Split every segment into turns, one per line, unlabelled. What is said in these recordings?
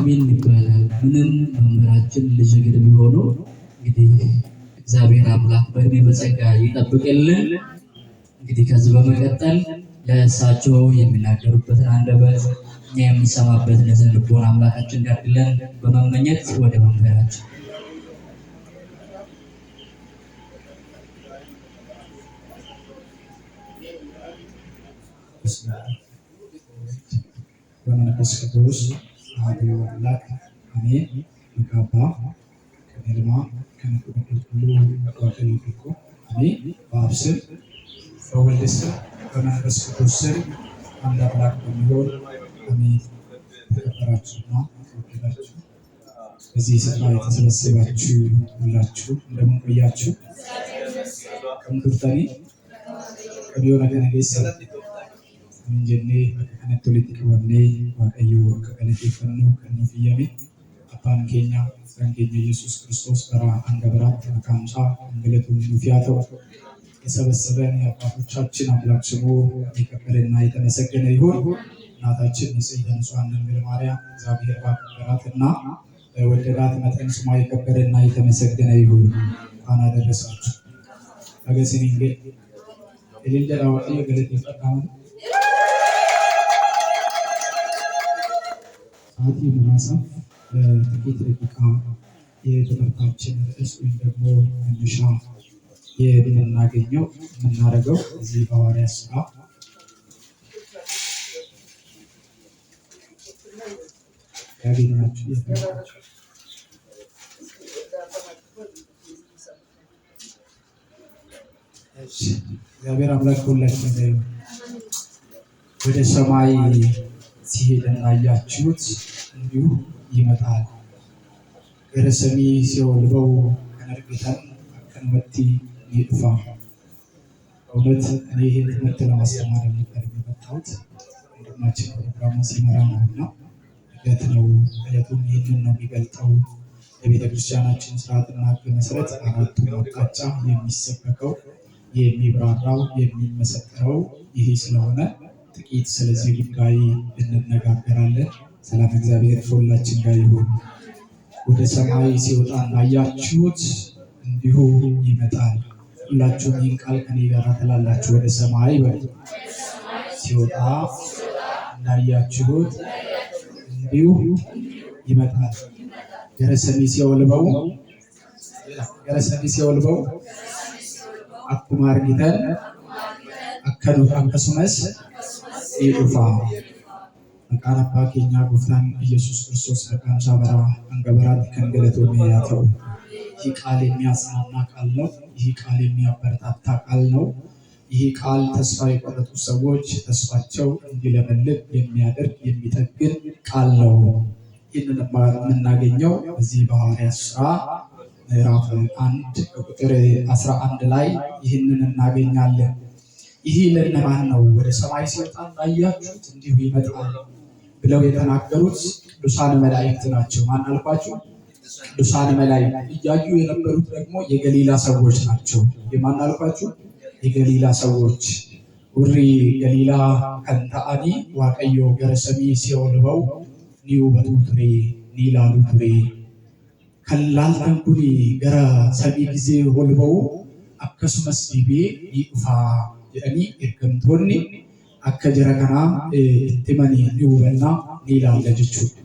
አሜን ይባላል። ምንም መምህራችን ልጅ ግን ቢሆኑ እንግዲህ እግዚአብሔር አምላክ በእድሜ በጸጋ ይጠብቅልን። እንግዲህ ከዚህ በመቀጠል ለእሳቸው የሚናገሩበትን አንደበት እኛ የምንሰማበትን ልቦና አምላካችን ዳግለን በመመኘት ወደ መምህራችን በመንፈስ ቅዱስ አሐዱ አምላክ አሜን። መጋባ ከልማ ከንቁቅዱስ በአብ ስም በወልድ ስም በመንፈስ ቅዱስ ስም አንድ አምላክ በሚሆን አሜን። ተከበራችሁና ተወደዳችሁ በዚህ ስፍራ የተሰበሰባችሁ ሁላችሁ እንደምን ቆያችሁ? ከምቱርታኒ ከቢሆነ ከነገ kan jennee bakka kanatti walitti qabamnee Waaqayyoo akka galateeffannu kan nuuf iyyame abbaan keenya kan keenya Yesuus Kiristoos bara hanga biraatti maqaan isaa kan galatuun nuuf yaa ta'u የሰበሰበን የአባቶቻችን አምላክ ስሙ የከበረና የተመሰገነ ይሁን። እናታችን ንጽሕተ ንጹሐን ድንግል ማርያም እግዚአብሔር ባከበራትና በወደዳት መጠን ስሟ የከበረና የተመሰገነ ይሁን። እንኳን አደረሳችሁ። አገሲን እንግዲህ የሌለ ዳዋቂ ገለጥ ይፈጣሙ ሰዓት ይህን ሀሳብ በጥቂት ደቂቃ የትምህርታችን ርዕስ ወይም ደግሞ መነሻ የምንናገኘው የምናደርገው እዚህ በሐዋርያት ስራ ያገኛችሁ እግዚአብሔር አምላክ ሁላችን ወደ ሰማይ ሲሄድ እናያችሁት እንዲሁ ይመጣል። ገረሰሚ ሲወልበው ከነርጌታን ከንመቲ ይጥፋ። በእውነት እኔ ይህን ትምህርት ለማስተማር ነበር የመጣሁት። ወንድማችን ፕሮግራሙ ሲመራ ነው እና ዕለት ነው ዕለቱም ይህንን ነው የሚገልጠው። ክርስቲያናችን ስርዓትና ሕግ መሰረት አራቱ አቅጣጫ የሚሰበከው የሚብራራው የሚመሰክረው ይሄ ስለሆነ ጥቂት ስለዚህ ጉዳይ እንነጋገራለን። ሰላም እግዚአብሔር ከሁላችን ጋር ይሁን። ወደ ሰማይ ሲወጣ እንዳያችሁት እንዲሁ ይመጣል። ሁላችሁም ይህን ቃል ከኔ ጋር ትላላችሁ። ወደ ሰማይ ሲወጣ እንዳያችሁት እንዲሁ ይመጣል። ገረሰኒ ሲወልበው ገረሰኒ ሲወልበው አኩማር ጊተን አከኑ አንከሱመስ ይዱፋ መቃን አባ ኬኛ ጎፍታን ኢየሱስ ክርስቶስ በቀምሳ በራ አንገበራት ከንገለት ወመያተው ይህ ቃል የሚያጽናና ቃል ነው። ይህ ቃል የሚያበረታታ ቃል ነው። ይህ ቃል ተስፋ የቆረጡ ሰዎች ተስፋቸው እንዲለመልብ የሚያደርግ የሚጠግን ቃል ነው። ይህንን የምናገኘው በዚህ በሐዋርያት ሥራ ምዕራፍ አንድ ቁጥር 11 ላይ ይህንን እናገኛለን። ይህ ለእነማን ነው? ወደ ሰማይ ሲወጣ እንዳያችሁት እንዲሁ ይመጣል። ብለው የተናገሩት ቅዱሳን መላእክት ናቸው። ማን አልኳችሁ? ቅዱሳን መላእክት እያዩ የነበሩት ደግሞ የገሊላ ሰዎች ናቸው። የማን አልኳችሁ? የገሊላ ሰዎች ውሪ ገሊላ ከንተአኒ ዋቀዮ ገረሰሚ ሲወልበው ኒው በቱቱሬ ኒላሉ ቱሬ ከላል ተንኩኒ ገረ ሰሚ ጊዜ ወልበው አከሱመስ ዲቤ ይቅፋ የእኒ የገምቶኒ akka jara kanaa itti manii ni hubannaa ni ilaalla jechuudha.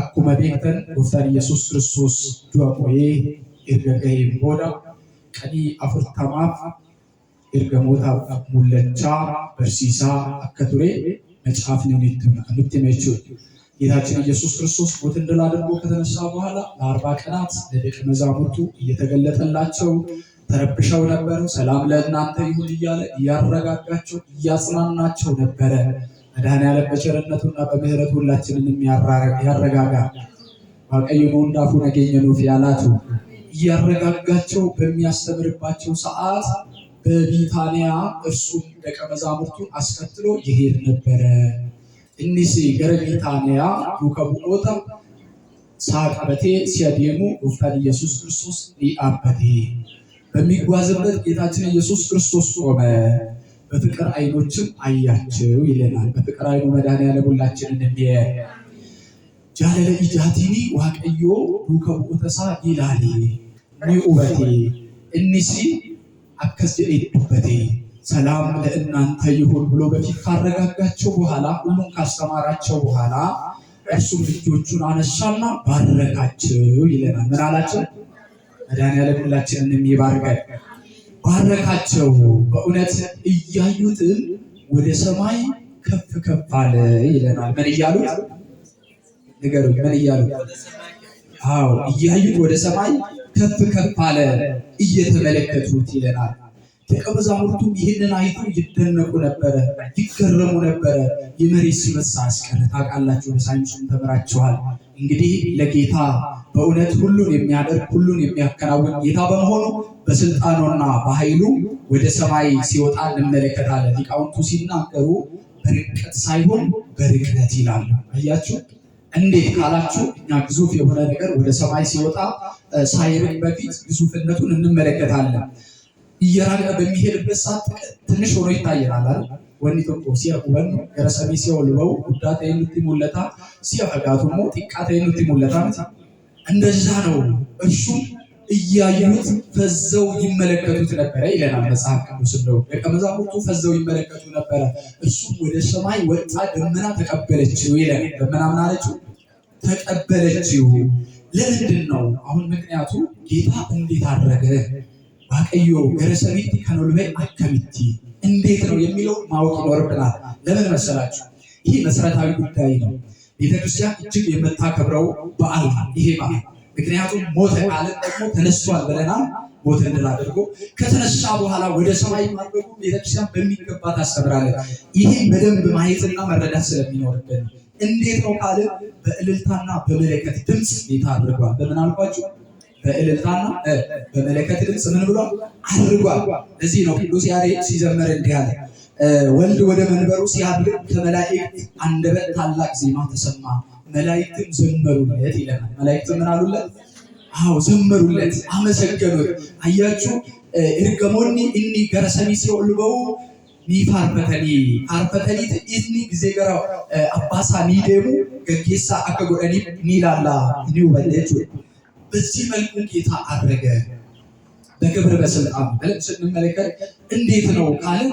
Akkuma beektan Gooftaan Iyyasuus Kiristoos du'a qo'ee erga gaheen booda qadii afurtamaaf ergamootaaf mul'achaa barsiisaa akka ture macaafni መጽሐፍን የምትመችው ጌታችን ኢየሱስ ክርስቶስ ሞትን ድል አድርጎ ከተነሳ በኋላ ለአርባ ቀናት ለደቀ መዛሙርቱ እየተገለጠላቸው ተረብሸው ነበረ። ሰላም ለእናንተ ይሁን እያለ እያረጋጋቸው እያጽናናቸው ነበረ። መድኃኔዓለም በቸርነቱና በምሕረቱ ሁላችንንም ያረጋጋ። ዋቀይኑ እንዳፉ ነገኘኑ ፊያላቱ እያረጋጋቸው በሚያስተምርባቸው ሰዓት በቢታንያ እርሱም ደቀ መዛሙርቱ አስከትሎ ይሄድ ነበረ። እኒሴ ገረ ቢታንያ ዱከቡ ሳቅ በቴ ሲያዴሙ ውፍታን ኢየሱስ ክርስቶስ ሊአበቴ በሚጓዝበት ጌታችን ኢየሱስ ክርስቶስ ቆመ፣ በፍቅር አይኖችም አያቸው ይለናል። በፍቅር አይኑ መድኃኒዓለም ሁላችን እንደሚየ ጃለለ ኢጃቲኒ ዋቀዮ ዱከ ይላል ኒኡበቴ እኒሲ አከስ ሰላም ለእናንተ ይሁን ብሎ በፊት ካረጋጋቸው በኋላ ሁሉም ካስተማራቸው በኋላ እርሱም ልጆቹን አነሳና ባረካቸው ይለናል። ምን አላቸው? መድኃኒዓለም ሁላችንንም ይባርካል። ባረካቸው በእውነት እያዩትም ወደ ሰማይ ከፍ ከፍ አለ ይለናል። ምን እያሉት ንገሩኝ፣ ምን እያሉት? አዎ እያዩት ወደ ሰማይ ከፍ ከፍ አለ እየተመለከቱት ይለናል። ደቀ መዛሙርቱም ይህንን አይቶ ይደነቁ ነበረ፣ ይገረሙ ነበረ። የመሬት ሲመሳ አስቀረ። ታውቃላችሁ፣ ሳይንሱን ተምራችኋል። እንግዲህ ለጌታ በእውነት ሁሉን የሚያደርግ ሁሉን የሚያከናውን ጌታ በመሆኑ በስልጣኑና በኃይሉ ወደ ሰማይ ሲወጣ እንመለከታለን። ሊቃውንቱ ሲናገሩ በርቀት ሳይሆን በርቅነት ይላሉ። አያችሁ እንዴት ካላችሁ እኛ ግዙፍ የሆነ ነገር ወደ ሰማይ ሲወጣ ሳይርቅ በፊት ግዙፍነቱን እንመለከታለን። እየራቀ በሚሄድበት ሰዓት ትንሽ ሆኖ ይታየናል አይደል? ወኒ ሲያቁበን ገረሰሚ ሲወልበው ጉዳታ የምትሞለታ ሲያፈጋቱሞ ጥቃታ የምትሞለታ እንደዛ ነው። እርሱም እያዩት ፈዘው ይመለከቱት ነበረ ይለናል መጽሐፍ ቅዱስ። እንደው ደቀ መዛሙርቱ ፈዘው ይመለከቱ ነበረ፣ እርሱም ወደ ሰማይ ወጣ፣ ደመና ተቀበለችው ይለን። ደመና ምን አለችው? ተቀበለችው። ለምንድን ነው? አሁን ምክንያቱ ጌታ እንዴት አድረገ ባቀዮ ገረሰቤት ከኖልበ አከሚቲ እንዴት ነው የሚለው ማወቅ ይኖርብናል። ለምን መሰላችሁ? ይህ መሰረታዊ ጉዳይ ነው። ቤተክርስቲያን እጅግ የምታከብረው በዓል ይሄ በዓል ምክንያቱም ሞተ ካለን ደግሞ ተነስቷል ብለናል። ሞተ እንድል አድርጎ ከተነሳ በኋላ ወደ ሰማይ ማድረጉ ቤተክርስቲያን በሚገባ ታስተምራለን። ይሄ በደንብ ማየትና መረዳት ስለሚኖርብን እንዴት ነው ካልን በእልልታና በመለከት ድምፅ ጌታ አድርጓል። በምን አልኳችሁ? በእልልታና በመለከት ድምፅ ምን ብሏል? አድርጓል። እዚህ ነው ቅዱስ ያሬድ ሲዘመር እንዲህ አለ ወልድ ወደ መንበሩ ሲያድግ ከመላእክት አንደበት ታላቅ ዜማ ተሰማ፣ መላእክትም ዘመሩለት ይለናል። መላእክት ምን አሉለት? አዎ ዘመሩለት፣ አመሰገኑት። አያችሁ እርገሞኒ እኒ ገረሰሚ ሲወልበው ኒፋርፈተኒ አርፈተኒት ኢትኒ ጊዜ ገራ አባሳ ኒደሙ ገጌሳ አከጎደኒ ኒው ኒውበለች በዚህ መልኩ ጌታ አድረገ በክብር በስልጣን ብለን ስንመለከት እንዴት ነው ካለ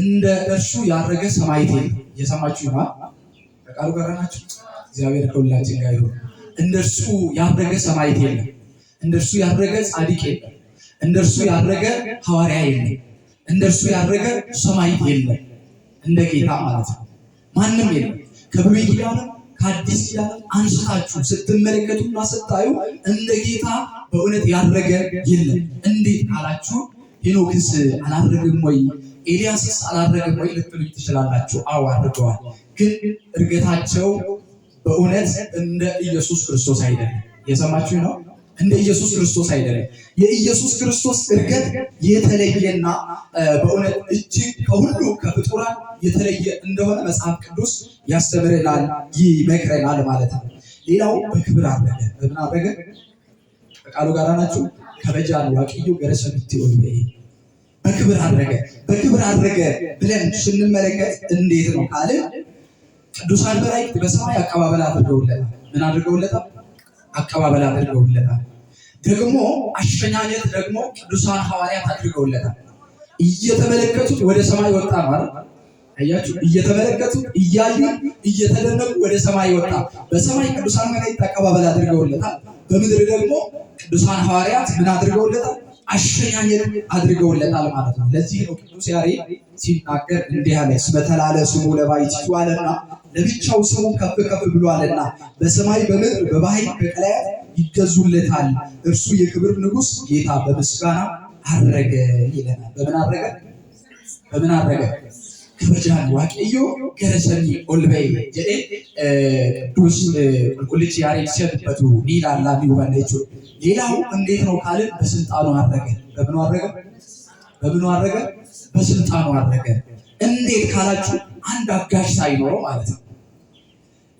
እንደ እርሱ ያደረገ ሰማይቴ እየሰማችሁ ይሆናል። ከቃሉ ጋር ናችሁ። እግዚአብሔር ከሁላችን ጋር ይሁን። እንደ እርሱ ያደረገ ሰማይቴ የለም። እንደ እርሱ ያደረገ ጻድቅ የለም። እንደ እርሱ ያደረገ ሐዋርያ የለም። እንደ እርሱ ያደረገ ሰማይቴ የለም። እንደ ጌታ ማለት ነው። ማንም የለም። ከብሉይ ኪዳን ከአዲስ ኪዳን አንስታችሁ ስትመለከቱና ስታዩ እንደ ጌታ በእውነት ያደረገ የለም። እንዴት አላችሁ? ሄኖክስ አላደረግም ወይ ኤልያስስ አላረገም ወይ ልትሉኝ ትችላላችሁ። አዎ አድርገዋል። ግን እድገታቸው በእውነት እንደ ኢየሱስ ክርስቶስ አይደለም። የሰማችሁ ነው። እንደ ኢየሱስ ክርስቶስ አይደለም። የኢየሱስ ክርስቶስ እድገት የተለየና በእውነት እጅግ ከሁሉ ከፍጡራን የተለየ እንደሆነ መጽሐፍ ቅዱስ ያስተምረናል፣ ይመክረናል ማለት ነው። ሌላው በክብር አረገ። በምን አረገ? ከቃሉ ጋር ናችሁ። ከበጃ ዋቅዩ ገረሰብት ወይበይ በክብር አድረገ በክብር አድረገ ብለን ስንመለከት እንዴት ነው ካለ ቅዱሳን መላእክት በሰማይ አቀባበል አድርገውለታል። ምን አድርገውለታል? አቀባበል አድርገውለታል። ደግሞ አሸኛኘት ደግሞ ቅዱሳን ሐዋርያት አድርገውለታል። እየተመለከቱት ወደ ሰማይ ወጣ ማለት አያችሁ። እየተመለከቱ እያዩ እየተደነቁ ወደ ሰማይ ወጣ። በሰማይ ቅዱሳን መላእክት አቀባበል አድርገውለታል። በምድር ደግሞ ቅዱሳን ሐዋርያት ምን አድርገውለታል? አሸኛኘት አድርገውለታል ማለት ነው። ለዚህ ነው ቅዱስ ያሬድ ሲናገር እንዲህ አለ፣ በተላለ ስሙ ለባሕቲቱ አለና ለብቻው ስሙ ከፍ ከፍ ብሏልና በሰማይ በምድር በባሕር በቀላያት ይገዙለታል። እርሱ የክብር ንጉሥ ጌታ በምስጋና አረገ ይለናል። በምን አረገ? በምን አረገ? ክበጃን ዋቅዮ ገረሰኒ ኦልበይ ጀዴ ዱስ ቁልጭ ያሬ ሲሰጥበቱ ኒላላ ሚውበነ ሌላው እንዴት ነው ካልን በስልጣኑ አረገ። በምኑ አረገ? በምኑ አረገ? በስልጣኑ አረገ። እንዴት ካላችሁ አንድ አጋዥ ሳይኖረው ማለት ነው።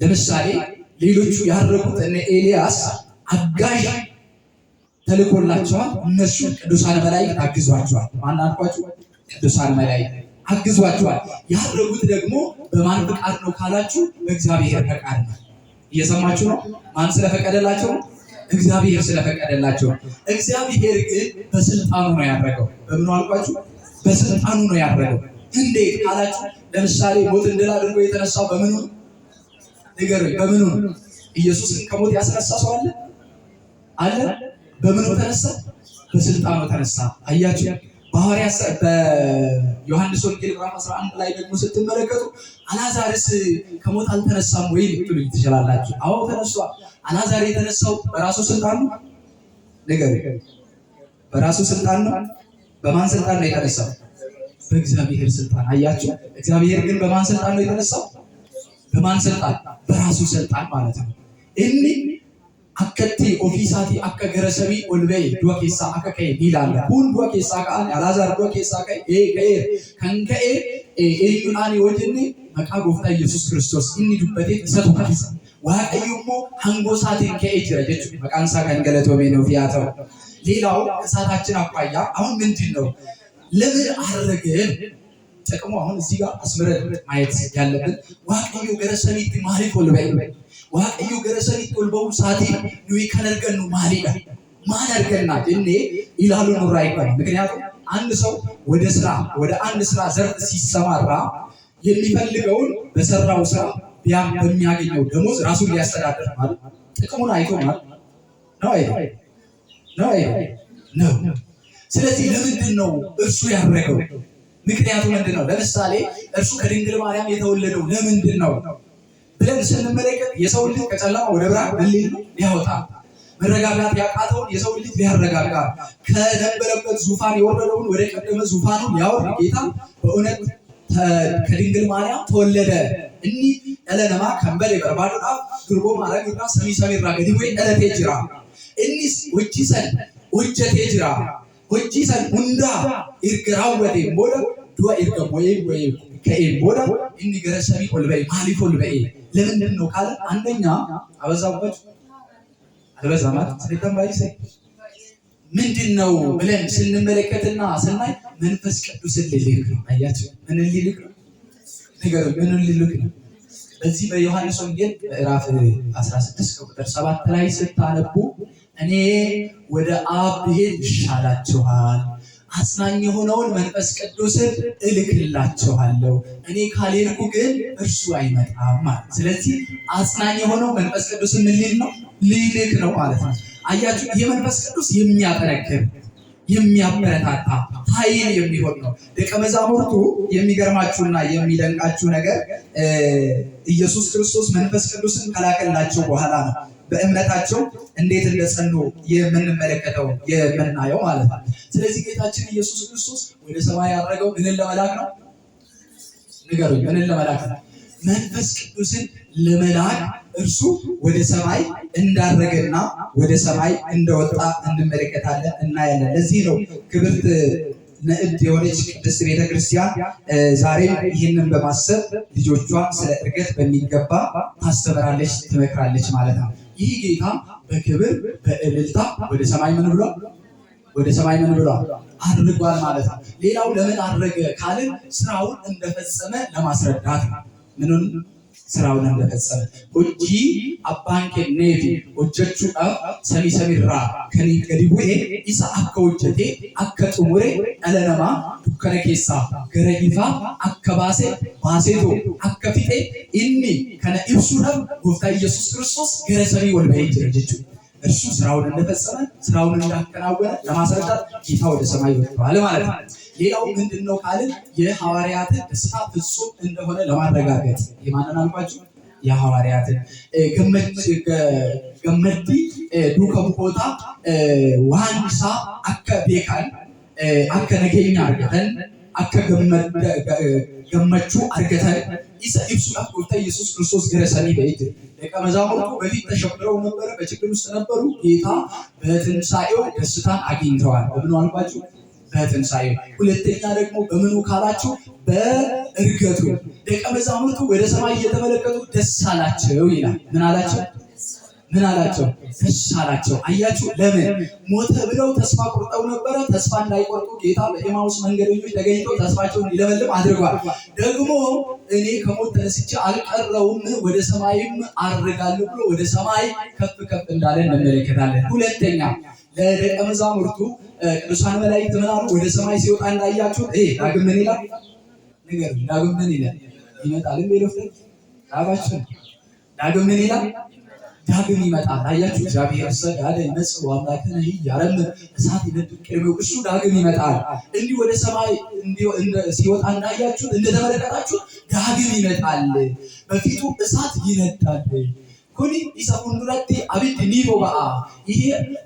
ለምሳሌ ሌሎቹ ያረጉት እነ ኤልያስ አጋዥ ተልኮላቸዋል። እነሱ ቅዱሳን መላእክት አግዟቸዋል። ማን አልኳችሁ? ቅዱሳን መላእክት አግዟቸዋል። ያደረጉት ደግሞ በማን ፈቃድ ነው ካላችሁ በእግዚአብሔር ፈቃድ ነው። እየሰማችሁ ነው። ማን ስለፈቀደላቸው ነው? እግዚአብሔር ስለፈቀደላቸው። እግዚአብሔር ግን በስልጣኑ ነው ያደረገው። በምን አልኳችሁ? በስልጣኑ ነው ያደረገው። እንዴት ካላችሁ ለምሳሌ ሞት እንድል አድርጎ የተነሳው በምኑ ንገሩኝ። በምኑ ኢየሱስን ከሞት ያስነሳ ሰው አለ አለ? በምኑ ተነሳ? በስልጣኑ ተነሳ። አያችሁ በዮሐንስ ወንጌል ምዕራፍ 11 ላይ ደግሞ ስትመለከቱ አላዛርስ ከሞት አልተነሳም ወይ ልትሉኝ ትችላላችሁ። አዎ ተነሷ። አላዛር የተነሳው በራሱ ስልጣን ነው። ነገር በራሱ ስልጣን ነው። በማን ስልጣን ነው የተነሳው? በእግዚአብሔር ስልጣን። አያችሁ፣ እግዚአብሔር ግን በማን ስልጣን ነው የተነሳው? በማን ስልጣን? በራሱ ስልጣን ማለት ነው። አከቴ ኦፊሳቲ አከ ገረሰቢ ኦልበይ ዱአ አከ ከ ይላል ሁን ዱአ ኬሳ አላዛር ዱአ ኬሳ ኤ ከ ከንከ ኤዩናኒ ወድኒ መቃ ጎፍታ ኢየሱስ ክርስቶስ እኒ ዱበቴ ሰቱ ከፊሳ ዋቀዩሞ ሃንጎሳቴን ከኤ ጅራ ጀቹ መቃንሳ ካን ገለቶሜ ፊያተው ሌላው እሳታችን አኳያ አሁን ምንድን ነው ለምን አረገን ጥቅሙ አሁን እዚህ ጋር አስምረን ማየት ያለብን ዋቀዩ ገረሰቢ ማሪክ ኦልበይ waaqayyo gara sanitti ol ba'uu isaatiin nuyi kan argannu maalidha? Maal argannaa jennee ምክንያቱም አንድ ሰው ወደ ስራ ወደ አንድ ስራ ዘርፍ ሲሰማራ የሚፈልገውን በሰራው ስራ ቢያም በሚያገኘው ደሞዝ ራሱን ሊያስተዳደር ማለት ጥቅሙን አይቶ ነው። ነው ነው። ስለዚህ ለምንድን ነው እርሱ ያደረገው? ምክንያቱ ምንድን ነው? ለምሳሌ እርሱ ከድንግል ማርያም የተወለደው ለምንድን ነው? ብለን ስንመለከት የሰው ልጅ ከጨለማ ወደ ብርሃን መሌል ነው ሊያወጣ መረጋጋት ያቃተውን የሰው ልጅ ሊያረጋጋ ከነበረበት ዙፋን የወረደውን ወደ ቀደመ ዙፋኑ ያወርድ ጌታ በእውነት ከድንግል ማርያም ተወለደ። እኒ ለነማ ከንበል የበርባዶ ጣፍ ግርቦ ማረግራ ሰሚሰሚራ ገዲወ ለቴ ጅራ እኒስ ወጂሰን ወጀቴ ጅራ ወጂሰን ሁንዳ ይርገራወቴ ቦደ ዱዋ ይርገሞ ወይ ወይ ከኤ ቦደ እኒ ገረሰሚ ኦልበይ ማሊፍ ኦልበይ ለምንድን ነው ካለ አንደኛ አበዛበት አበዛማት ስለተንባይ ባይሰይ ምንድን ነው ብለን ስንመለከትና ስናይ መንፈስ ቅዱስ ሊልክ ነው። አያቸው ምን ሊልክ ነው? ነገር ምን ሊልክ ነው? በዚህ በዮሐንስ ወንጌል ምዕራፍ 16 ቁጥር 7 ላይ ስታነቡ እኔ ወደ አብ ብሄድ ይሻላችኋል አጽናኝ የሆነውን መንፈስ ቅዱስን እልክላችኋለሁ እኔ ካልልኩ ግን እርሱ አይመጣም ማለት። ስለዚህ አጽናኝ የሆነው መንፈስ ቅዱስ ምን ሊል ነው? ሊልክ ነው ማለት ነው። አያችሁ፣ የመንፈስ ቅዱስ የሚያጠነክር የሚያበረታታ ኃይል የሚሆን ነው። ደቀ መዛሙርቱ የሚገርማችሁና የሚደንቃችሁ ነገር ኢየሱስ ክርስቶስ መንፈስ ቅዱስን ከላከላቸው በኋላ ነው በእምነታቸው እንዴት እንደጸኑ የምንመለከተው የምናየው ማለት ነው። ስለዚህ ጌታችን ኢየሱስ ክርስቶስ ወደ ሰማይ ያደረገው ምንን ለመላክ ነው? ንገሩኝ፣ ምንን ለመላክ ነው? መንፈስ ቅዱስን ለመላክ እርሱ ወደ ሰማይ እንዳረገና ወደ ሰማይ እንደወጣ እንመለከታለን፣ እናያለን። ለዚህ ነው ክብርት ንዕድ የሆነች ቅድስት ቤተክርስቲያን ዛሬም ይህንን በማሰብ ልጆቿ ስለ እርገት በሚገባ ታስተምራለች፣ ትመክራለች ማለት ነው። ይህ ጌታ በክብር በእልልታ ወደ ሰማይ ምን ብሏል? ወደ ሰማይ ምን ብሏል? አድርጓል ማለት ነው። ሌላው ለምን አድረገ ካልን ስራውን እንደፈጸመ ለማስረዳት ነው። ምንን ስራውን እንደፈጸመ ሆጂ አባንኬ ኔቲ ሆጀቹ ሰሚ ሰሚራ ከኒ ገዲቡኤ ኢሳ አከ ሆጀቴ አከ ጽሙሬ ቀለነማ ዱከነ ኬሳ ገረ ኢፋ አከ ባሴ ባሴቶ አከ ፊጤ ኢኒ ከነ ኢብሱዳም ጎፍታ ኢየሱስ ክርስቶስ ገረ ሰሚ ወልበይ ጀረጀቹ እርሱ ስራውን እንደፈጸመ ስራውን እንዳከናወነ ለማስረዳት ጌታ ወደ ሰማይ ወጥተዋል ማለት ነው። ሌላው ምንድን ነው ካልን የሐዋርያትን ደስታ ፍጹም እንደሆነ ለማረጋገጥ የማንን አልኳችሁ? የሐዋርያትን ገመዲ ዱከም ቦታ ዋንሳ አከ ቤካን አከ ነገኛ አርገተን አከ ገመቹ አርገተን ኢሰ ኢብሱላት ጎልታ ኢየሱስ ክርስቶስ ገረሰኒ በእጅ ደቀ መዛሙርቱ በፊት ተሸብረው ነበረ፣ በችግር ውስጥ ነበሩ። ጌታ በትንሳኤው ደስታን አግኝተዋል። በምን አልኳችሁ? በትንሳኤው ሁለተኛ ደግሞ በምኑ ካላችሁ በእርገቱ ደቀ መዛሙርቱ ወደ ሰማይ እየተመለከቱ ደስ አላቸው ይላል ምን አላቸው ምን አላቸው ደስ አላቸው አያችሁ ለምን ሞተ ብለው ተስፋ ቆርጠው ነበረ ተስፋ እንዳይቆርጡ ጌታ በኤማውስ መንገደኞች ተገኝቶ ተስፋቸውን ይለመልም አድርጓል ደግሞ እኔ ከሞት ተነስቼ አልቀረውም ወደ ሰማይም አድርጋለሁ ብሎ ወደ ሰማይ ከፍ ከፍ እንዳለ እንመለከታለን ሁለተኛ ለደቀ መዛሙርቱ ቅዱሳን መላእክት ምናሉ ወደ ሰማይ ሲወጣ እንዳያችሁት ይሄ ዳግም ምን ይላል ነገር ዳግም ምን ይላል ይመጣል የሚለው ዳግም ዳግም ምን ይላል ዳግም ይመጣል አያችሁ እግዚአብሔር ሰዳለ ይመጽእ አምላክነ ያረም እሳት ይነድ ቅድሜው እሱ ዳግም ይመጣል እንዲህ ወደ ሰማይ ሲወጣ እንዳያችሁት እንደተመለከታችሁት ዳግም ይመጣል በፊቱ እሳት ይነዳል ኩኒ ኢሳ ሁንዱራቲ አብት ኒቦ በአ ይሄ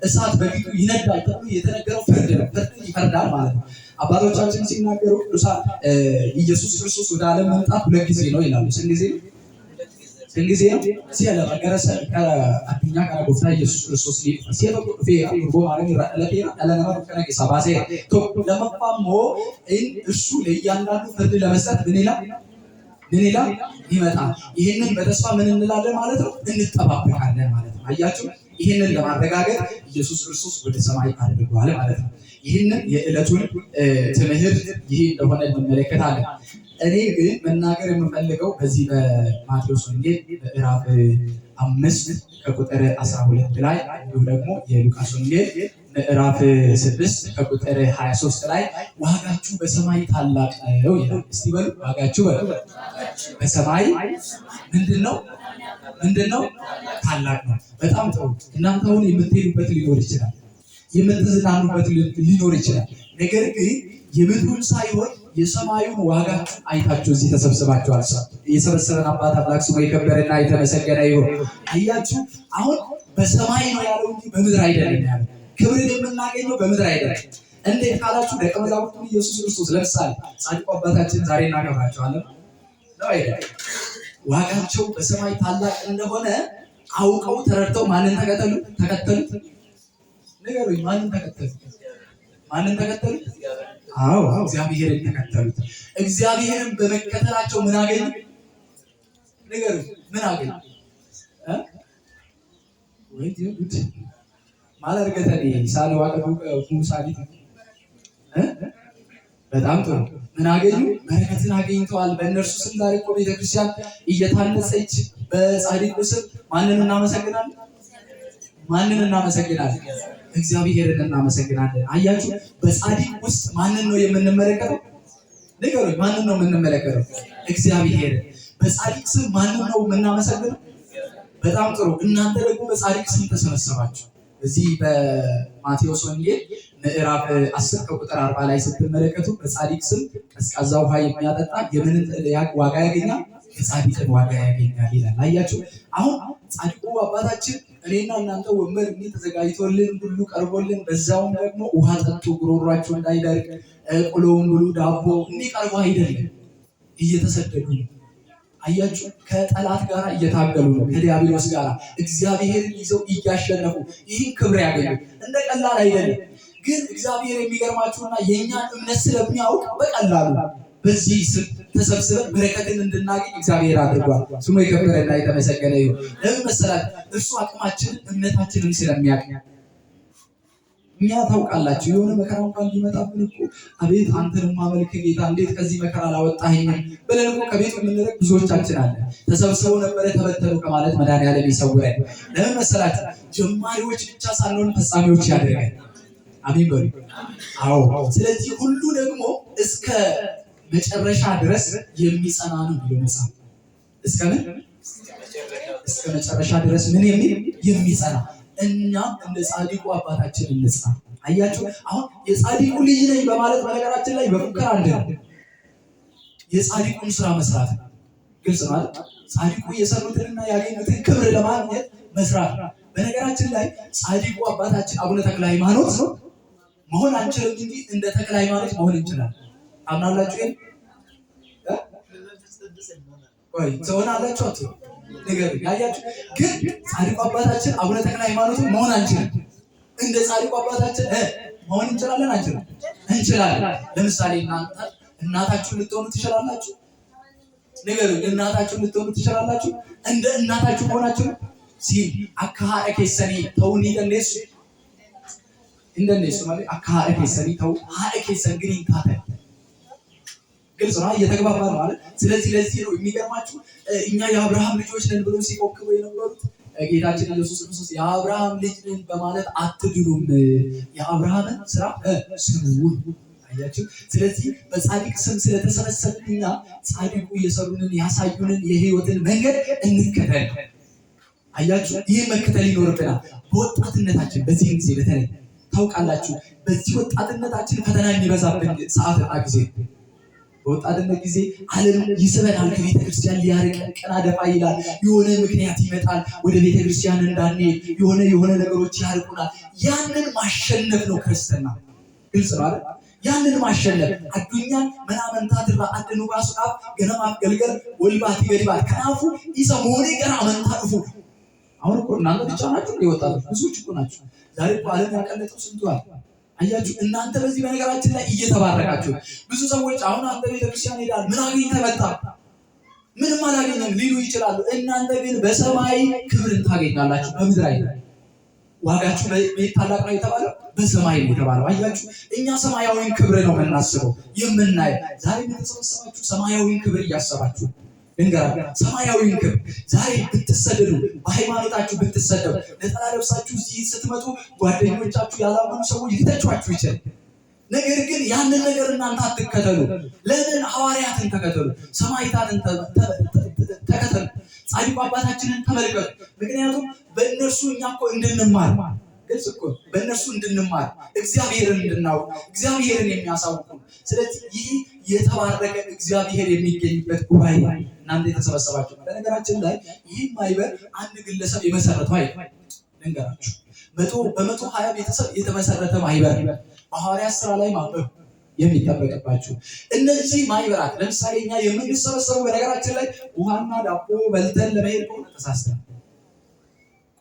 እሳት በፊቱ ይነዳል ተብሎ የተነገረው ፍርድ ነው። ፍርድ ይፈርዳል ማለት ነው። አባቶቻችን ሲናገሩ ቅዱሳን ኢየሱስ ክርስቶስ ወደ ዓለም መምጣት ሁለት ጊዜ ነው ይላሉ። ስንት ጊዜ ነው? ስንት ጊዜ ነው? ሲያለ መገረሰ ከአኛ ከጎፍታ ኢየሱስ ክርስቶስ ሲያለ ፌ አርጎ ማለት ረለቴ አለና ከነቂ ሰባሴ ቶ ለመፋም እሱ ለእያንዳንዱ ፍርድ ለመስጠት ምን ይላል ይላል? ይመጣል። ይህንን በተስፋ ምን እንላለን ማለት ነው? እንጠባበቃለን ማለት ነው። አያችሁ፣ ይህንን ለማረጋገጥ ኢየሱስ ክርስቶስ ወደ ሰማይ አድርገዋል ማለት ነው። ይህንን የዕለቱን ትምህርት ይህ እንደሆነ እንመለከታለን። እኔ ግን መናገር የምፈልገው በዚህ በማቴዎስ ወንጌል ምዕራፍ አምስት ከቁጥር አስራ ሁለት ላይ እንዲሁም ደግሞ የሉቃስ ወንጌል ምዕራፍ ስድስት ከቁጥር 23 ላይ ዋጋችሁ በሰማይ ታላቅ ነው ይላል። እስቲ በሉ ዋጋችሁ በሰማይ ምንድን ነው? ምንድን ነው? ታላቅ ነው። በጣም ጥሩ። እናንተ አሁን የምትሄዱበት ሊኖር ይችላል፣ የምትዝናኑበት ሊኖር ይችላል። ነገር ግን የምድሩን ሳይሆን የሰማዩን ዋጋ አይታችሁ እዚህ ተሰብስባችኋል። የሰበሰበን አባት አምላክ ስሙ የከበረና የተመሰገነ ይሁን። አያችሁ አሁን በሰማይ ነው ያለው እንጂ በምድር አይደለም ያለው ክብርን የምናገኘው በምድር አይደለም። እንዴት ካላችሁ ደቀ መዛሙርቱ ኢየሱስ ክርስቶስ ለምሳሌ ጻድቁ አባታችን ዛሬ እናከብራቸዋለን ነው ዋጋቸው በሰማይ ታላቅ እንደሆነ አውቀው ተረድተው ማንን ተከተሉ? ተከተሉ ነገሩ ማንን ተከተሉት? ማንን ተከተሉ? አዎ እግዚአብሔርን ተከተሉት። እግዚአብሔርን በመከተላቸው ምን አገኙ? ነገሩ ምን አገኙ? ወይ ጉድ ማለርገተኔ ሳለዋቀዱ ሙሳሊት በጣም ጥሩ ምን አገኙ? በረከትን አገኝተዋል። በእነርሱ ስም ዛሬ ቤተክርስቲያን እየታነጸች በጻድቁ ስም ማንን እናመሰግናለን? ማንን እናመሰግናለን? እግዚአብሔርን እናመሰግናለን። አያችሁ፣ በጻድቅ ውስጥ ማንን ነው የምንመለከተው? ንገሩኝ፣ ማንን ነው የምንመለከተው? እግዚአብሔርን። በጻድቅ ስም ማንን ነው የምናመሰግነው? በጣም ጥሩ። እናንተ ደግሞ በጻድቅ ስም ተሰበሰባችሁ። እዚህ በማቴዎስ ወንጌል ምዕራፍ 10 ከቁጥር 40 ላይ ስትመለከቱ በጻድቅ ስም ቀዝቃዛ ውሃ የሚያጠጣ የምን ዋጋ ያገኛል? የጻድቅን ዋጋ ያገኛል ይላል። አያችሁ፣ አሁን ጻድቁ አባታችን እኔና እናንተ ወንበር እንዲህ ተዘጋጅቶልን ሁሉ ቀርቦልን፣ በዛውም ደግሞ ውሃ ጠጡ ጉሮሯቸው እንዳይደርቅ፣ ቁሎውን ብሉ፣ ዳቦ እንዲቀርቡ አይደለም እየተሰደዱ ነው አያችሁ፣ ከጠላት ጋር እየታገሉ ነው፣ ከዲያብሎስ ጋር እግዚአብሔርን ይዘው እያሸነፉ ይህን ክብር ያገኙ። እንደ ቀላል አይደለም። ግን እግዚአብሔር የሚገርማችሁና የእኛን እምነት ስለሚያውቅ በቀላሉ በዚህ ስም ተሰብስበን በረከትን እንድናገኝ እግዚአብሔር አድርጓል። ስሙ የከበረና የተመሰገነ ይሁን። ለምን መሰላት? እርሱ አቅማችንን እምነታችንን ስለሚያቅ እኛ ታውቃላችሁ የሆነ መከራ እንኳን ሊመጣብን እኮ አቤት አንተን ማመልክ ጌታ እንዴት ከዚህ መከራ ላወጣኸኝም ብለን እኮ ከቤት የምንረቅ ብዙዎቻችን አለ። ተሰብስበው ነበረ ተበተኑ ከማለት መድኃኒዓለም ይሰውረን። ለምን መሰላችሁ? ጀማሪዎች ብቻ ሳንሆን ፈጻሚዎች ያደርገን። አሜን በሉ። አዎ። ስለዚህ ሁሉ ደግሞ እስከ መጨረሻ ድረስ የሚጸና ነው ብሎ መጽሐፍ እስከምን እስከ መጨረሻ ድረስ ምን የሚል የሚጸና እኛም እንደ ጻድቁ አባታችን እንስራ። አያችሁ አሁን የጻድቁ ልጅ ነኝ በማለት በነገራችን ላይ በፉከራ አንድ የጻድቁን ስራ መስራት ግልጽ ማለት ጻድቁ የሰሩትንና ያገኙትን ክብር ለማግኘት መስራት። በነገራችን ላይ ጻድቁ አባታችን አቡነ ተክለ ሃይማኖት መሆን አንችልም እንጂ እንደ ተክለ ሃይማኖት መሆን እንችላለን። አምናላችሁ ወይ ትሆናላችሁ? ነገር ያያችሁ። ግን ጻድቁ አባታችን አቡነ ተክለ ሃይማኖት መሆን አንችልም። እንደ ጻድቁ አባታችን መሆን እንችላለን አንችልም? እንችላለን። ለምሳሌ እናንተ እናታችሁን ልትሆኑ ትችላላችሁ። ነገር እናታችሁን ልትሆኑ ትችላላችሁ። እንደ እናታችሁ መሆናችሁ ሲ አካሃረ ኬሰኒ ተውኒ እንደነሱ እንደነሱ ማለት አካሃረ ኬሰኒ ተው ሃረ ኬሰን ግን ይንታተ ግልጽ ነው። እየተግባባ ነው አለ። ስለዚህ ለዚህ ነው የሚገርማችሁ እኛ የአብርሃም ልጆች ነን ብሎ ሲቆክሩ የነበሩት ጌታችን ኢየሱስ ክርስቶስ የአብርሃም ልጅ ነን በማለት አትድሉም፣ የአብርሃምን ስራ ስሩን አያችሁ። ስለዚህ በጻድቅ ስም ስለተሰበሰብንና ጻድቁ እየሰሩንን ያሳዩንን የህይወትን መንገድ እንከተል። አያችሁ፣ ይህ መከተል ይኖርብናል። በወጣትነታችን በዚህ ጊዜ በተለይ ታውቃላችሁ፣ በዚህ ወጣትነታችን ፈተና የሚበዛብን ሰዓትና ጊዜ በወጣትነት ጊዜ ዓለም ይስበናል፣ ከቤተክርስቲያን ሊያርቀን ቀና ደፋ ይላል። የሆነ ምክንያት ይመጣል፣ ወደ ቤተክርስቲያን እንዳንሄድ የሆነ የሆነ ነገሮች ያርቁናል። ያንን ማሸነፍ ነው ክርስትና። ግልጽ ነው። ያንን ማሸነፍ አዱኛን መናመንታትራ አንድ ንጓስ ቃፍ ገና ማገልገል ወልባት ይገድባል ከናፉ ይሰ መሆኔ ገና መንታቅፉ አሁን እኮ እናንተ ብቻ ናችሁ ይወጣሉ ብዙዎች እኮ ናቸው። ዛሬ እኮ ዓለም ያቀለጠው ስንቷል አያችሁ እናንተ በዚህ በነገራችን ላይ እየተባረካችሁ ብዙ ሰዎች አሁን አንተ ቤተክርስቲያን ሄዳል ምን አገኝ መጣህ? ምንም አላገኘም ሊሉ ይችላሉ። እናንተ ግን በሰማይ ክብርን ታገኛላችሁ፣ በምድር አይ ዋጋችሁ ታላቅ ነው የተባለው በሰማይ ነው የተባለው። አያችሁ እኛ ሰማያዊን ክብር ነው የምናስበው የምናየው። ዛሬ የተሰበሰባችሁ ሰማያዊን ክብር እያሰባችሁ እንጋር ሰማያዊ ክብር ዛሬ ብትሰደዱ በሃይማኖታችሁ ብትሰደዱ ነጠላ ለብሳችሁ እዚህ ስትመጡ ጓደኞቻችሁ ያላመኑ ሰዎች ሊተቿችሁ ይችላል። ነገር ግን ያንን ነገር እናንተ አትከተሉ። ለምን? ሐዋርያትን ተከተሉ፣ ሰማይታትን ተከተሉ፣ ጻድቁ አባታችንን ተመልከቱ። ምክንያቱም በእነርሱ እኛ እኮ እንድንማር ግልጽ እኮ በእነሱ እንድንማር እግዚአብሔርን እንድናውቅ እግዚአብሔርን የሚያሳውቁ ስለዚህ ይህ የተባረቀ እግዚአብሔር የሚገኝበት ጉባኤ እናንተ የተሰበሰባችሁ። በነገራችን ላይ ይህ ማህበር አንድ ግለሰብ የመሰረተው አይ ልንገራችሁ፣ በመቶ ሀያ ቤተሰብ የተመሰረተ ማህበር በሐዋርያት ስራ ላይ ማንበብ የሚጠበቅባችሁ እነዚህ ማይበራት ለምሳሌ እኛ የምንሰበሰበው በነገራችን ላይ ውሃና ዳቦ በልተን ለመሄድ ከሆነ ተሳስተን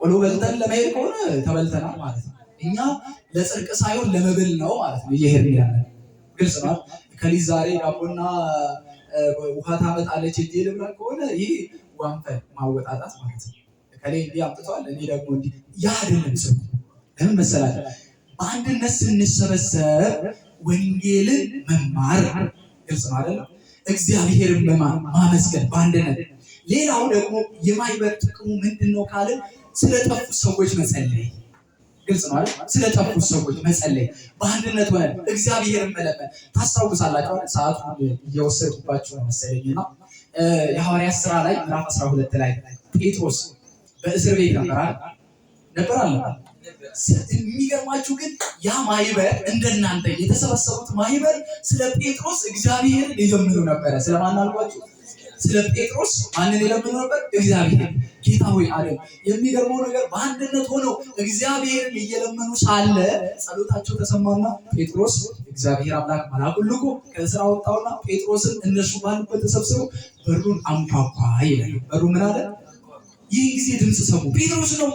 ቆሎ በልተን ለመሄድ ከሆነ ተበልተናል ማለት ነው። እኛ ለጽርቅ ሳይሆን ለመብል ነው ማለት ነው ይሄ ያለ ግልጽ ነው። ከሊት ዛሬ ዳቦና ውሃ ታመጣለች እንጂ ልብላል ከሆነ ይህ ዋንፈን ማወጣጣት ማለት ነው። ከሌ እንዲህ አምጥተዋል እኔ ደግሞ እንዲህ ያ አይደለም። ሰው ለምን መሰላቸው በአንድነት ስንሰበሰብ ወንጌልን መማር ግልጽ ነው አይደለም። እግዚአብሔርን በማመስገን በአንድነት ሌላው ደግሞ የማይበር ጥቅሙ ምንድን ነው ካልን ስለጠፉ ሰዎች መጸለይ ግልጽ ነው አይደል? ስለጠፉ ሰዎች መጸለይ፣ በአንድነት ሆነን እግዚአብሔርን መለመን። ታስታውሳላችሁ፣ ሰዓቱ እየወሰድኩባችሁ ነው መሰለኝና የሐዋርያት ስራ ላይ ምዕራፍ 12 ላይ ጴጥሮስ በእስር ቤት ነበር አይደል? ነበር አለ። የሚገርማችሁ ግን ያ ማህበር እንደናንተ የተሰበሰቡት ማህበር ስለ ጴጥሮስ እግዚአብሔርን ይዘምሩ ነበረ። ስለማናልኳችሁ ስለ ጴጥሮስ ማንን የለምኑ ነበር? እግዚአብሔር። ጌታ ሆይ አለ። የሚገርመው ነገር በአንድነት ሆነው እግዚአብሔርን እየለመኑ ሳለ ጸሎታቸው ተሰማና ጴጥሮስ እግዚአብሔር አምላክ መልአኩን ልኮ ከስራ ወጣውና ጴጥሮስን እነሱ ባሉበት ተሰብስበው በሩን አንኳኳ ይላል። በሩ ምን አለ? ይህ ጊዜ ድምፅ ሰሙ። ጴጥሮስ ነው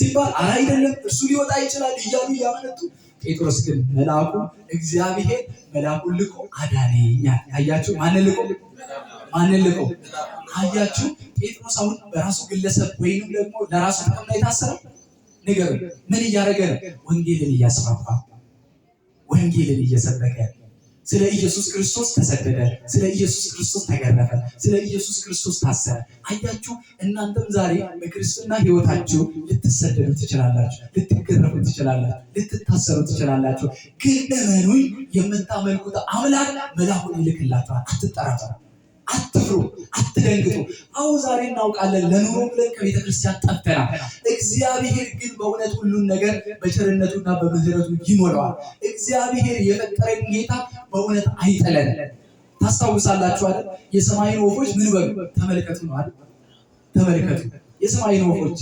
ሲባል አይደለም እርሱ ሊወጣ ይችላል እያሉ እያመነቱ ጴጥሮስ ግን መልአኩ እግዚአብሔር መልአኩን ልኮ አዳነኝ። ያያችሁ ማንን ልኮ አንልቀው። አያችሁ ጴጥሮስ አሁን በራሱ ግለሰብ ወይንም ደግሞ ለራሱ ጥቅም ላይ ታሰረ ነገር ምን እያደረገ ነው? ወንጌልን እያስፋፋ ወንጌልን እየሰበከ ስለ ኢየሱስ ክርስቶስ ተሰደደ፣ ስለ ኢየሱስ ክርስቶስ ተገረፈ፣ ስለ ኢየሱስ ክርስቶስ ታሰረ። አያችሁ፣ እናንተም ዛሬ በክርስትና ህይወታችሁ ልትሰደዱ ትችላላችሁ፣ ልትገረፉ ትችላላችሁ፣ ልትታሰሩ ትችላላችሁ። ግን እመኑኝ፣ የምታመልኩት አምላክ መላሁን ይልክላችኋል። አትጠራጠሩ። አትፍሩ፣ አትደንግጡ። አዎ ዛሬ እናውቃለን፣ ለኑሮ ብለን ከቤተክርስቲያን ጠፍተናል። እግዚአብሔር ግን በእውነት ሁሉን ነገር በቸርነቱና በምህረቱ ይሞላዋል። እግዚአብሔር የፈጠረን ጌታ በእውነት አይጠለን። ታስታውሳላችሁ አይደል? የሰማይን ወፎች ምን በሉ ተመልከቱ ነው አይደል? ተመልከቱ የሰማይን ወፎች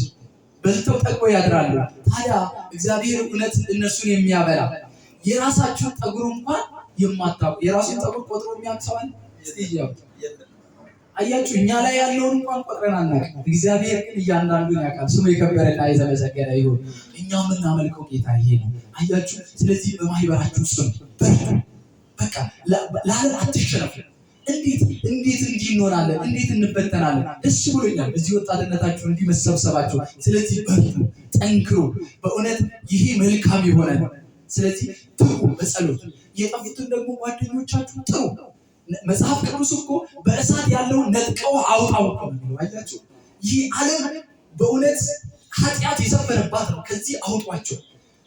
በልተው ጠግበው ያድራሉ። ታዲያ እግዚአብሔር እውነት እነሱን የሚያበላ የራሳችሁን ጠጉር እንኳን የማታውቁ የራሱን ጠጉር ቆጥሮ የሚያውቅ አያችሁ እኛ ላይ ያለውን እንኳን ቆጥረን እግዚአብሔር ግን እያንዳንዱን ያውቃል። ስሙ የከበረና የተመሰገነ ይሁን። እኛ የምናመልከው ጌታ ይሄ ነው። አያችሁ። ስለዚህ በማህበራችሁ ውስጥ በቃ ለዓለም አትሸነፉ። እንዴት እንዴት እንዲህ እንሆናለን? እንዴት እንበተናለን? ደስ ብሎኛል እዚህ ወጣትነታችሁ እንዲህ መሰብሰባችሁ። ስለዚህ በርቱ፣ ጠንክሩ። በእውነት ይሄ መልካም የሆነ ስለዚህ ጥሩ በጸሎት የጠፉትን ደግሞ ጓደኞቻችሁ ጥሩ መጽሐፍ ቅዱስ እኮ በእሳት ያለውን ነጥቀው አውጣው አላቸው። ይህ ዓለም በእውነት ኃጢአት የዘመነባት ነው። ከዚህ አውጧቸው።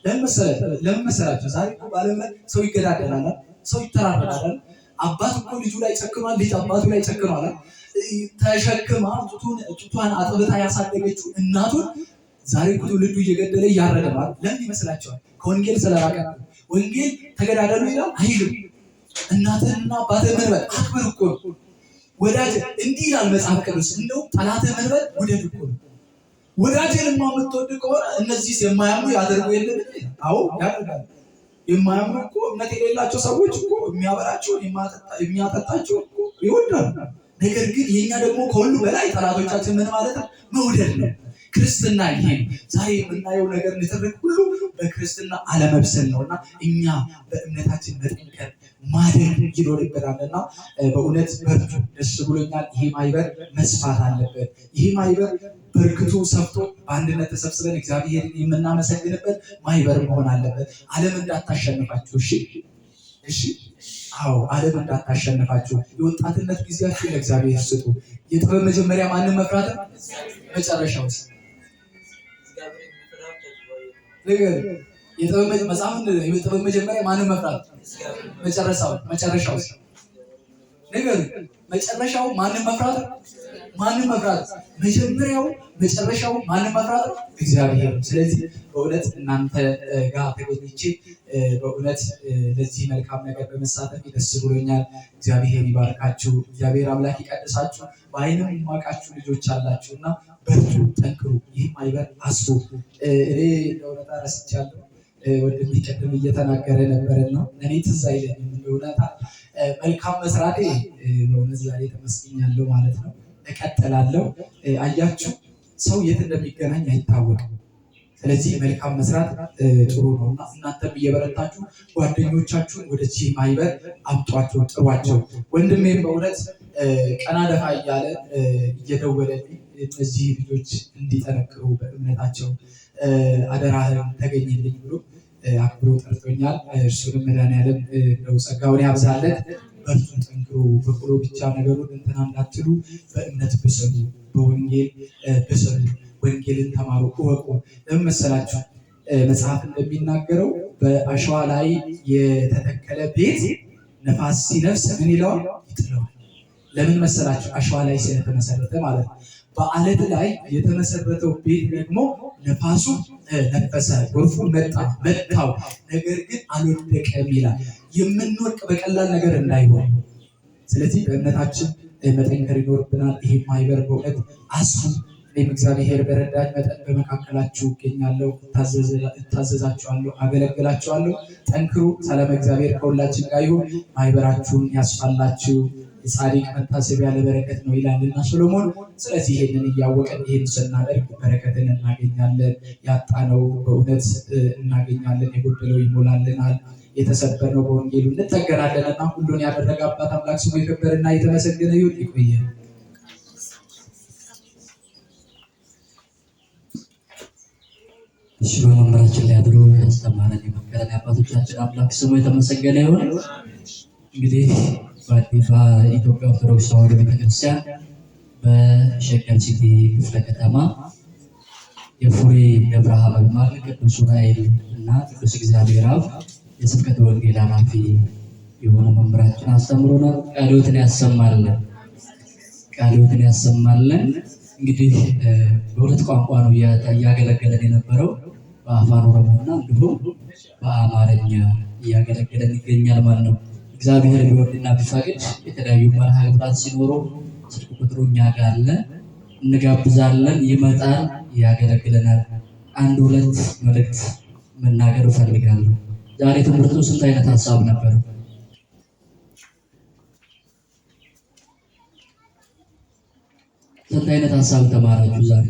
ለምን መሰላቸው? ዛሬ በዓለም ላይ ሰው ይገዳደላል፣ ሰው ይተራረዳል። አባት እኮ ልጁ ላይ ጨክኗል፣ ልጅ አባቱ ላይ ጨክኗል። ተሸክማ ጡቷን አጥብታ ያሳደገችው እናቱን ዛሬ እኮ ትውልዱ እየገደለ እያረደ ማለት ለምን ይመስላቸዋል? ከወንጌል ስለራቀ። ወንጌል ተገዳደሉ ይላል አይልም እናትህንና አባትህን መርበል አክብር እኮ ነው። ወዳጅ እንዲህ ይላል መጽሐፍ ቅዱስ፣ እንደውም ጠላትህን መርበል ውደድ እኮ ነው። ወዳጅንማ የምትወድ ከሆነ እነዚህ የማያምኑ ያደርጉ የለን? አዎ ያደርጋል። የማያምኑ እኮ እምነት የሌላቸው ሰዎች እኮ የሚያበላቸው የሚያጠጣቸው እኮ ይወዳሉ። ነገር ግን የኛ ደግሞ ከሁሉ በላይ ጠላቶቻችን ምን ማለት ነው? መውደድ ነው። ክርስትና ይሄ ዛሬ የምናየው ነገር ንትርክ ሁሉ በክርስትና አለመብሰል ነው እና እኛ በእምነታችን መጠንከር ማደግ ይኖርብናል እና በእውነት በርቱ። ደስ ብሎኛል። ይሄ ማይበር መስፋት አለበት። ይሄ ማይበር በርክቱ ሰፍቶ በአንድነት ተሰብስበን እግዚአብሔርን የምናመሰግንበት ማይበር መሆን አለበት። ዓለም እንዳታሸንፋችሁ። እሺ፣ እሺ፣ አዎ፣ ዓለም እንዳታሸንፋችሁ። የወጣትነት ጊዜያችሁ ለእግዚአብሔር ስጡ። የጥበብ መጀመሪያ ማንም መፍራት ውስጥ መጽሐፍን የጥበብ መጀመሪያ ማንን መፍራት መጨረሻው መጨረሻው ነገር መጨረሻው ማንን መፍራት ማንን መፍራት መጀመሪያው መጨረሻው ማንን መፍራት እግዚአብሔር። ስለዚህ በእውነት እናንተ ጋር ተገኝቼ በእውነት ለዚህ መልካም ነገር በመሳተፍ ደስ ብሎኛል። እግዚአብሔር ይባርካችሁ። እግዚአብሔር አምላክ ይቀድሳችሁ። በዓይንም የማውቃችሁ ልጆች አላችሁ እና በርቱ። አይበር አሱ እኔ ለእውነታ ረስቻለሁ። ወንድሜ ቅድም እየተናገረ ነበረ ነው እኔ ትዝ አይለኝም እውነታ መልካም መስራቴ በእውነት ዛሬ ተመስግኛለሁ ማለት ነው። እቀጥላለሁ። አያችሁ ሰው የት እንደሚገናኝ አይታወቅም። ስለዚህ መልካም መስራት ጥሩ ነው እና እናንተም እየበረታችሁ ጓደኞቻችሁን ወደዚህ ማይበር አምጧቸው፣ ጥሯቸው። ወንድሜም በእውነት ቀና ደፋ እያለ እየደወለልኝ እነዚህ ልጆች እንዲጠነክሩ በእምነታቸው አደራህን ተገኝልኝ ብሎ አክብሮ ጠርቶኛል። እርሱንም መድኃኒዓለም ነው ጸጋውን ያብዛለት፣ በእርሱ ጠንክሮ በቁሎ ብቻ ነገሩን እንትና እንዳትሉ፣ በእምነት ብሰሉ፣ በወንጌል ብሰሉ፣ ወንጌልን ተማሩ፣ እወቁ። ለምን መሰላችሁ? መጽሐፍ እንደሚናገረው በአሸዋ ላይ የተተከለ ቤት ነፋስ ሲነፍስ ምን ይለዋል? ይጥለዋል። ለምን መሰላችሁ? አሸዋ ላይ ስለተመሰረተ ማለት ነው። በአለት ላይ የተመሰረተው ቤት ደግሞ ነፋሱ ነፈሰ፣ ጎርፉ መጣ መታው፣ ነገር ግን አልወደቀም ይላል። የምንወድቅ በቀላል ነገር እንዳይሆን፣ ስለዚህ በእምነታችን መጠንከር ይኖርብናል። ይህ ማይበር በእውነት አሱ እኔም እግዚአብሔር በረዳኝ መጠን በመካከላችሁ እገኛለሁ፣ እታዘዛችኋለሁ፣ አገለግላችኋለሁ። ጠንክሩ። ሰላም እግዚአብሔር ከሁላችን ጋር ይሁን። ማህበራችሁን ያስፋላችሁ። የጻድቅ መታሰቢያ ለበረከት ነው ይላልና ሰሎሞን። ስለዚህ ይሄንን እያወቀን ይሄን ስናደርግ በረከትን እናገኛለን። ያጣነው በእውነት እናገኛለን። የጎደለው ይሞላልናል። የተሰበነው በወንጌሉ እንጠገናለን እና ሁሉን ያደረገ አባት አምላክ ስሙ የከበረና የተመሰገነ ይሁን። ይቆየን። እሺ በመምህራችን ላይ አድሮ ያስተማረን የመከረን የአባቶቻችን አምላክ ስሙ የተመሰገነ ይሁን። እንግዲህ በአዴፋ ኢትዮጵያ ኦርቶዶክስ ተዋሕዶ ቤተክርስቲያን በሸገር ሲቲ ክፍለ ከተማ የፉሪ ደብረ ሀመልማል ቅዱስ ዑራኤል እና ቅዱስ እግዚአብሔር አብ የስብከተ ወንጌል ኃላፊ የሆኑ መምህራችን አስተምሮናል። ቃለ ሕይወትን ያሰማልን፣ ቃለ ሕይወትን ያሰማልን። እንግዲህ በሁለት ቋንቋ ነው እያገለገለን የነበረው በአፋን ኦሮሞና እንዲሁም በአማርኛ እያገለገለን ይገኛል ማለት ነው። እግዚአብሔር ቢወድና ቢፈቅድ የተለያዩ መርሃ ግብራት ሲኖሩ ስልክ ቁጥሩ እኛ ጋር አለ፣ እንጋብዛለን። ይመጣል፣ ያገለግለናል። አንድ ሁለት መልእክት መናገር እፈልጋለሁ። ዛሬ ትምህርቱ ስንት አይነት ሀሳብ ነበር? ስንት አይነት ሀሳብ ተማራችሁ ዛሬ?